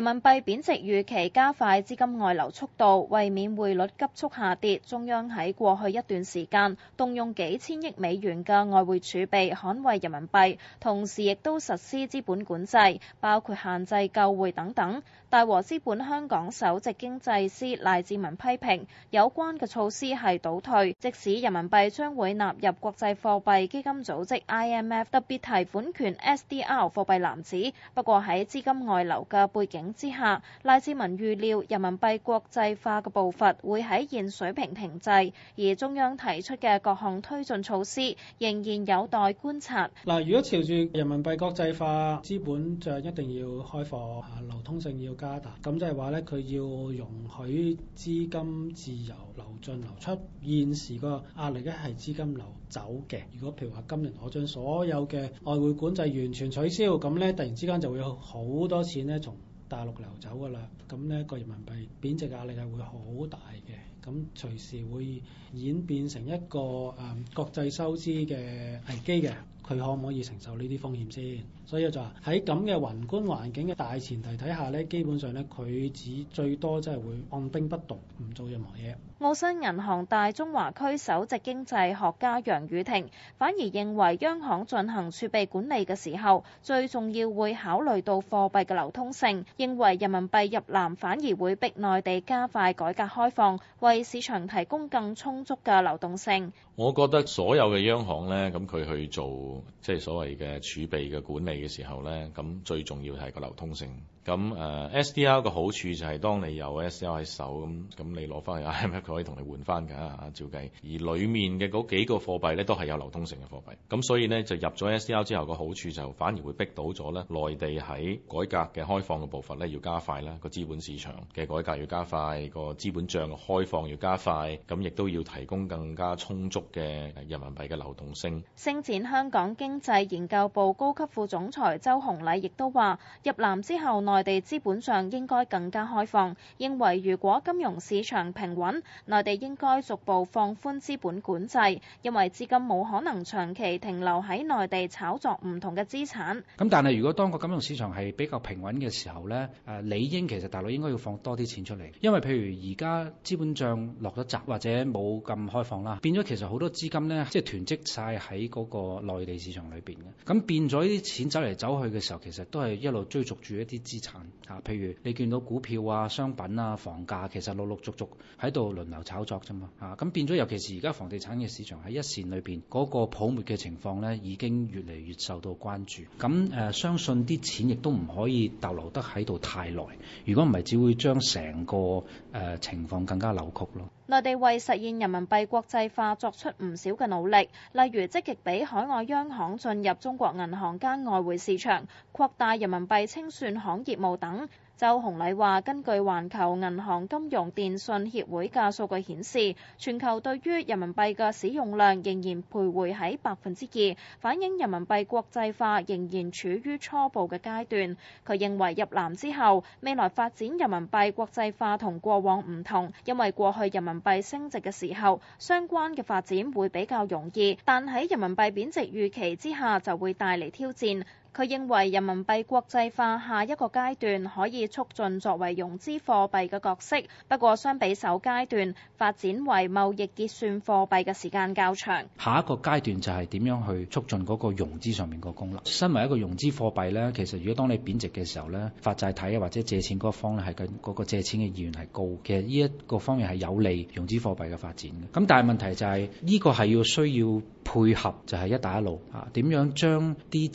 人民幣貶值預期，加快資金外流速度，為免匯率急速下跌，中央喺過去一段時間動用幾千億美元嘅外匯儲備捍衛人民幣，同時亦都實施資本管制，包括限制購匯等等。大和資本香港首席經濟師賴志文批評有關嘅措施係倒退，即使人民幣將會納入國際貨幣基金組織 IMF 特別提款權 SDR 貨幣籃子，不過喺資金外流嘅背景。之下，賴志文預料人民幣國際化嘅步伐會喺現水平停滯，而中央提出嘅各項推進措施仍然有待觀察。嗱，如果朝住人民幣國際化，資本就一定要開放，流通性要加大，咁即係話咧，佢要容許資金自由流進流出。現時個壓力咧係資金流走嘅。如果譬如話今年我將所有嘅外匯管制完全取消，咁咧突然之間就會有好多錢咧從大陸流走噶啦，咁咧個人民幣貶值壓力係會好大嘅，咁隨時會演變成一個誒、嗯、國際收支嘅危機嘅。佢可唔可以承受呢啲風險先？所以就話喺咁嘅宏觀環境嘅大前提底下咧，基本上咧佢只最多真係會按兵不動，唔做任何嘢。澳新銀行大中華區首席經濟學家楊宇霆反而認為，央行進行儲備管理嘅時候，最重要會考慮到貨幣嘅流通性。認為人民幣入籃反而會逼內地加快改革開放，為市場提供更充足嘅流動性。我覺得所有嘅央行咧，咁佢去做。即係所謂嘅儲備嘅管理嘅時候咧，咁最重要係個流通性。咁誒、呃、SDR 嘅好處就係當你有 SDR 喺手，咁咁你攞翻去 IMF 佢可以同你換翻㗎，照計。而裡面嘅嗰幾個貨幣咧，都係有流通性嘅貨幣。咁所以咧，就入咗 SDR 之後嘅好處就反而會逼到咗咧，內地喺改革嘅開放嘅步伐咧要加快啦，個資本市場嘅改革要加快，個資本帳嘅開放要加快，咁亦都要提供更加充足嘅人民幣嘅流動性。升展香港。經濟研究部高級副總裁周洪禮亦都話：入籃之後，內地資本帳應該更加開放。認為如果金融市場平穩，內地應該逐步放寬資本管制，因為資金冇可能長期停留喺內地炒作唔同嘅資產。咁但係如果當個金融市場係比較平穩嘅時候呢，誒理應其實大陸應該要放多啲錢出嚟，因為譬如而家資本帳落咗閘或者冇咁開放啦，變咗其實好多資金呢，即係囤積晒喺嗰個內地。市場裏邊嘅，咁變咗呢啲錢走嚟走去嘅時候，其實都係一路追逐住一啲資產吓、啊，譬如你見到股票啊、商品啊、房價，其實陸陸續續喺度輪流炒作啫嘛吓，咁、啊、變咗，尤其是而家房地產嘅市場喺一線裏邊嗰、那個泡沫嘅情況呢，已經越嚟越受到關注。咁誒、啊，相信啲錢亦都唔可以逗留得喺度太耐，如果唔係，只會將成個誒、啊、情況更加扭曲咯。內地為實現人民幣國際化作出唔少嘅努力，例如積極俾海外央央行進入中國銀行間外匯市場，擴大人民幣清算行業務等。周洪禮話，根據環球銀行金融電信協會嘅數據顯示，全球對於人民幣嘅使用量仍然徘徊喺百分之二，反映人民幣國際化仍然處於初步嘅階段。佢認為入南之後，未來發展人民幣國際化同過往唔同，因為過去人民幣升值嘅時候，相關嘅發展會比較容易，但喺人民幣貶值預期之下，就會帶嚟挑戰。佢認為人民幣國際化下一個階段可以促進作為融資貨幣嘅角色，不過相比首階段發展為貿易結算貨幣嘅時間較長。下一個階段就係點樣去促進嗰個融資上面個功能。身為一個融資貨幣咧，其實如果當你貶值嘅時候咧，發債體啊或者借錢嗰方咧係、嗰個借錢嘅意願係高，嘅，其實呢一個方面係有利融資貨幣嘅發展嘅。咁但係問題就係、是、呢、呢個係要需要。配合就係一帶一路啊，點樣將啲錢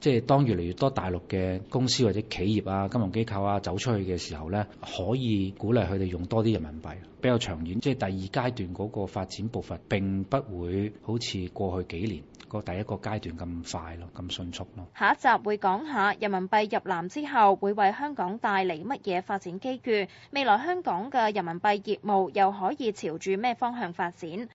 即係、就是、當越嚟越多大陸嘅公司或者企業啊、金融機構啊走出去嘅時候咧，可以鼓勵佢哋用多啲人民幣，比較長遠。即、就、係、是、第二階段嗰個發展步伐並不會好似過去幾年個第一個階段咁快咯，咁迅速咯。下一集會講下人民幣入籃之後會為香港帶嚟乜嘢發展機遇？未來香港嘅人民幣業務又可以朝住咩方向發展？